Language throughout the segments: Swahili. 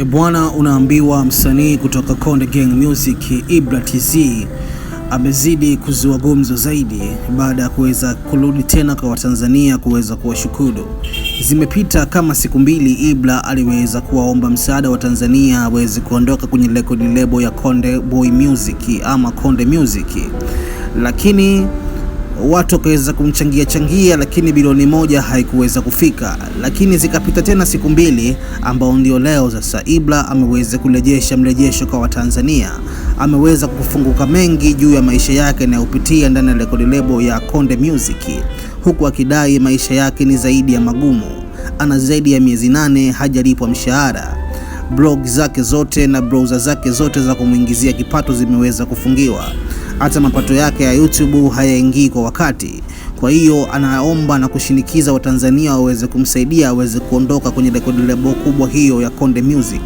E bwana, unaambiwa msanii kutoka Konde Gang Music Ibra TZ amezidi kuzua gumzo zaidi baada ya kuweza kurudi tena kwa Watanzania kuweza kuwashukuru. Zimepita kama siku mbili, Ibra aliweza kuwaomba msaada wa Tanzania aweze kuondoka kwenye rekodi lebo ya Konde Boy Music ama Konde Music, lakini watu wakaweza kumchangia changia, lakini bilioni moja haikuweza kufika. Lakini zikapita tena siku mbili, ambao ndio leo sasa Ibra ameweza kurejesha mrejesho kwa Watanzania, ameweza kufunguka mengi juu ya maisha yake yanayopitia ndani ya rekodi lebo ya Konde Music, huku akidai maisha yake ni zaidi ya magumu. Ana zaidi ya miezi nane hajalipwa mshahara blog zake zote na browser zake zote za kumwingizia kipato zimeweza kufungiwa. Hata mapato yake ya YouTube hayaingii kwa wakati. Kwa hiyo anaomba na kushinikiza Watanzania waweze kumsaidia aweze kuondoka kwenye rekodi lebo kubwa hiyo ya Konde Music,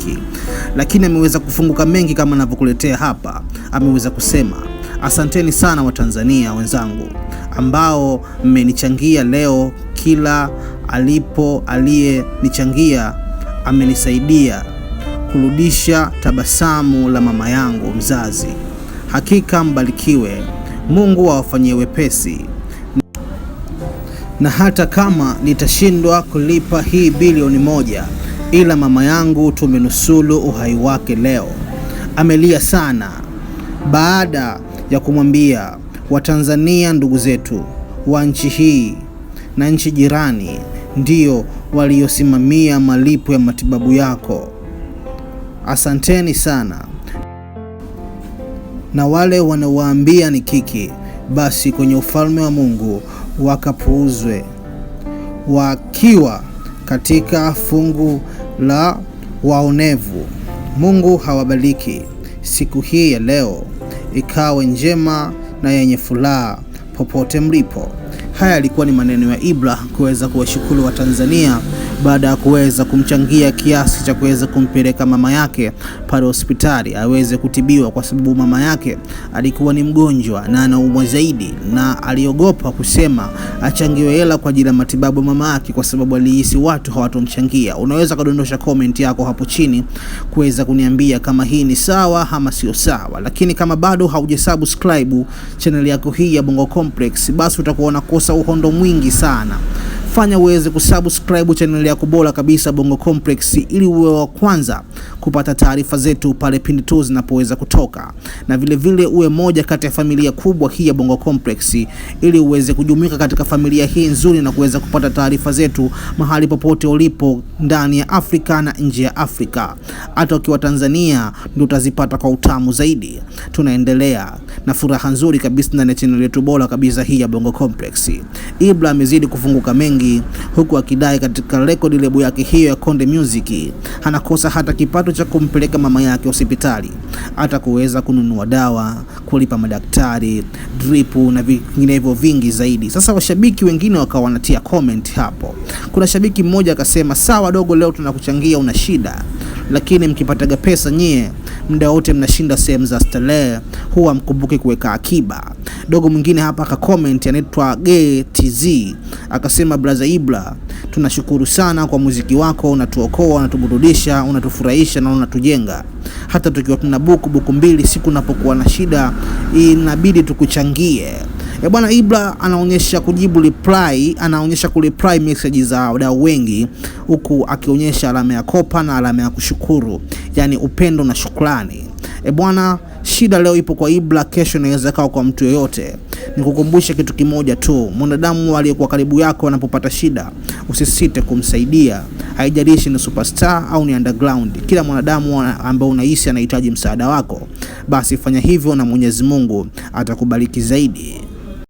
lakini ameweza kufunguka mengi kama anavyokuletea hapa. Ameweza kusema asanteni sana Watanzania wenzangu ambao mmenichangia leo, kila alipo aliyenichangia amenisaidia kurudisha tabasamu la mama yangu mzazi. Hakika mbarikiwe, Mungu awafanyie wepesi, na hata kama nitashindwa kulipa hii bilioni moja, ila mama yangu tumenusulu uhai wake leo. Amelia sana baada ya kumwambia Watanzania ndugu zetu wa nchi hii na nchi jirani ndio waliosimamia malipo ya matibabu yako asanteni sana. Na wale wanaowaambia ni kiki, basi kwenye ufalme wa Mungu wakapuuzwe, wakiwa katika fungu la waonevu. Mungu hawabariki siku hii ya leo, ikawe njema na yenye furaha popote mlipo. Haya yalikuwa ni maneno ya Ibra kuweza kuwashukuru Watanzania baada ya kuweza kumchangia kiasi cha kuweza kumpeleka mama yake pale hospitali aweze kutibiwa, kwa sababu mama yake alikuwa ni mgonjwa na anaumwa zaidi, na aliogopa kusema achangiwe hela kwa ajili ya matibabu mama yake, kwa sababu alihisi watu hawatomchangia. Unaweza kudondosha comment yako hapo chini kuweza kuniambia kama hii ni sawa ama sio sawa, lakini kama bado haujasubscribe channel yako hii ya Bongo Complex, basi utakuwa unakosa uhondo mwingi sana fanya uweze kusubscribe channel yako bora kabisa Bongo Complex, ili uwe wa kwanza kupata taarifa zetu pale pindi tu zinapoweza kutoka, na vilevile vile uwe moja kati ya familia kubwa hii ya Bongo Complex, ili uweze kujumuika katika familia hii nzuri na kuweza kupata taarifa zetu mahali popote ulipo ndani ya Afrika na nje ya Afrika. Hata ukiwa Tanzania ndio utazipata kwa utamu zaidi. Tunaendelea na furaha nzuri kabisa ndani ya channel yetu bora kabisa hii ya Bongo Complex. Ibra amezidi kufunguka mengi nyingi, huku akidai katika rekodi lebo yake hiyo ya Konde Music anakosa hata kipato cha kumpeleka mama yake hospitali, hata kuweza kununua dawa, kulipa madaktari, dripu na vinginevyo vingi zaidi. Sasa washabiki wengine wakawa wanatia comment hapo. Kuna shabiki mmoja akasema, sawa dogo, leo tunakuchangia, una shida lakini mkipataga pesa nyie muda wote mnashinda sehemu za starehe, huwa mkumbuke kuweka akiba. Dogo mwingine hapa aka comment, anaitwa gtz akasema, Braza Ibra, tunashukuru sana kwa muziki wako, unatuokoa, unatuburudisha, unatufurahisha na unatujenga. Hata tukiwa tuna buku buku mbili siku napokuwa na shida inabidi tukuchangie. E bwana, Ibra anaonyesha kujibu reply, anaonyesha reply message za wadau wengi, huku akionyesha alama ya kopa na alama ya kushukuru, yani upendo na shukrani. E bwana, shida leo ipo kwa Ibra, kesho inaweza ikawa kwa mtu yoyote. Nikukumbushe kitu kimoja tu, mwanadamu aliyekuwa karibu yako anapopata shida, usisite kumsaidia. Haijalishi ni superstar au ni underground, kila mwanadamu ambaye unahisi anahitaji msaada wako, basi fanya hivyo na Mwenyezi Mungu atakubariki zaidi.